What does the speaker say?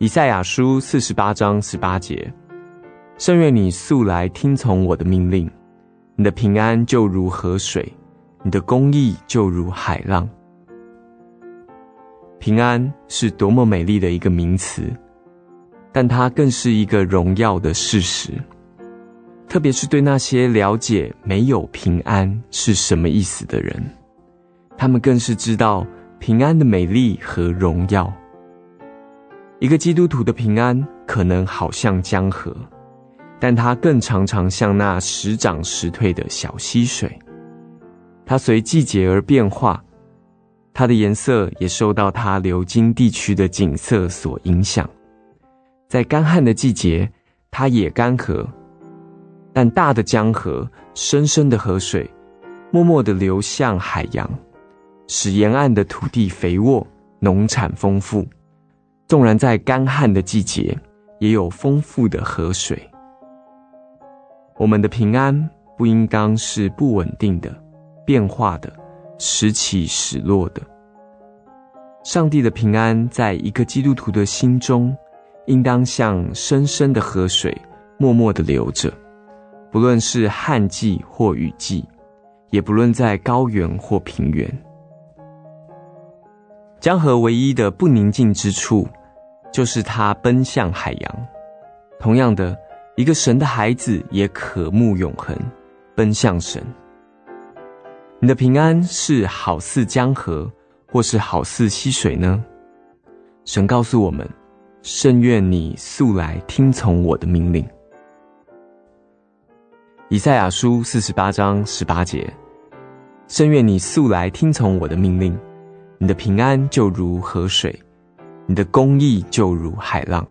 以賽亞書四十八章十八節：甚願你素來聽從我的命令，你的平安就如河水，你的公義就如海浪。平安是多麼美麗的一個名詞，但它更是一個榮耀的事實。特別是對那些了解沒有平安是什麼意思的人，他們更是知道平安的美麗和榮耀。一個基督徒的平安可能好像江河，但它更常常像那時漲時退的小溪水，它隨季節而變化，它的顏色也受到它流經地區的景色所影響。在乾旱的季節，它也乾涸，但大的江河，深深的河水，默默地流向海洋，使沿岸的土地肥沃，農產豐富。縱然在乾旱的季節，也有豐富的河水。我們的平安不應當是不穩定的、變化的、時起時落的。上帝的平安，在一個基督徒的心中，應當像深深的河水，默默地流着，不論是旱季或雨季，也不論在高原或平原。江河唯一的不寧靜之處，就是他奔向海洋。同樣的，一個神的孩子也渴慕永恆，奔向神。你的平安是好似江河，或是好似溪水呢？神告訴我們，甚願你素來聽從我的命令。以賽亞書四十八章十八節，甚願你素來聽從我的命令，你的平安就如河水。你的公義就如海浪。